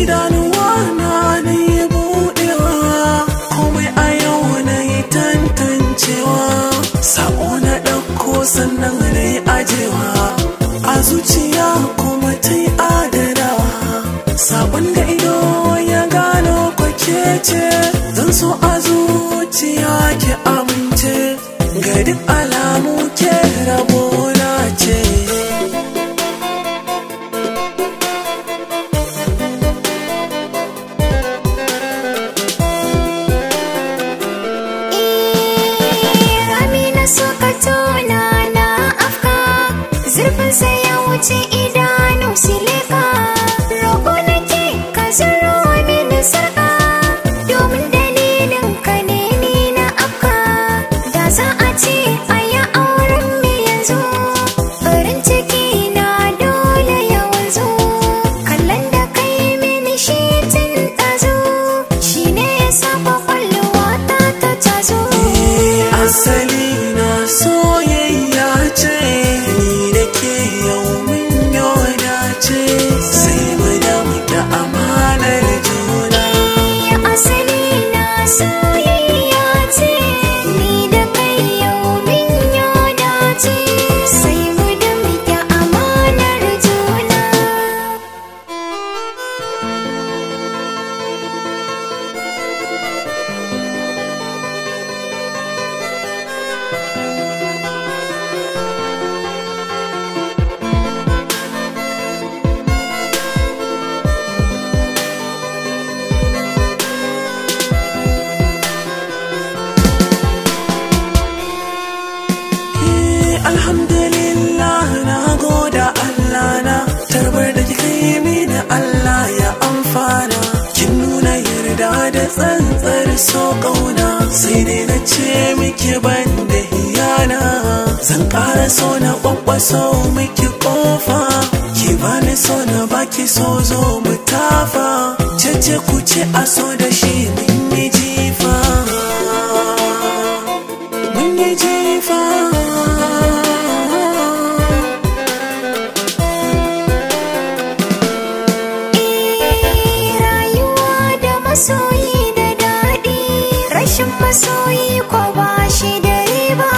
idanuwa na na yi buɗewa komai a yau na yi tantancewa sa'o na ɗauko sannan na yi ajewa a zuciya kuma ta yi adanawa sabon da ido ya gano kwakece zan so a zuciya ki amince ga duk ala sa ya wuce idanu silika roƙo nake ka zaro mini sarƙa domin dalilin ka ne ni na afka da za a ce a yi auren mu yanzu farin ciki na dole ya wanzu kallon da kai mini shi tun ɗazu shi ne ya sa kwakwalwa ta ta tazo asali na so yarda da tsantsar so ƙauna sai dai na ce miki ban da hiyana zan ƙara so na ƙwaƙwa so miki ƙofa ki bani so na baki so zo mu tafa cece ku ce a so da shi ne masoyi da daɗi rashin masoyi ko ba shi da riba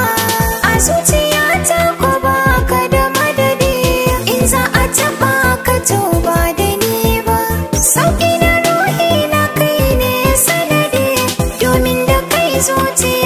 a zuciyata ko ba ka da madadi in za a taɓa ka to ba da ni ba sauƙi na ruhi na kai ne sanadi domin da kai zuciya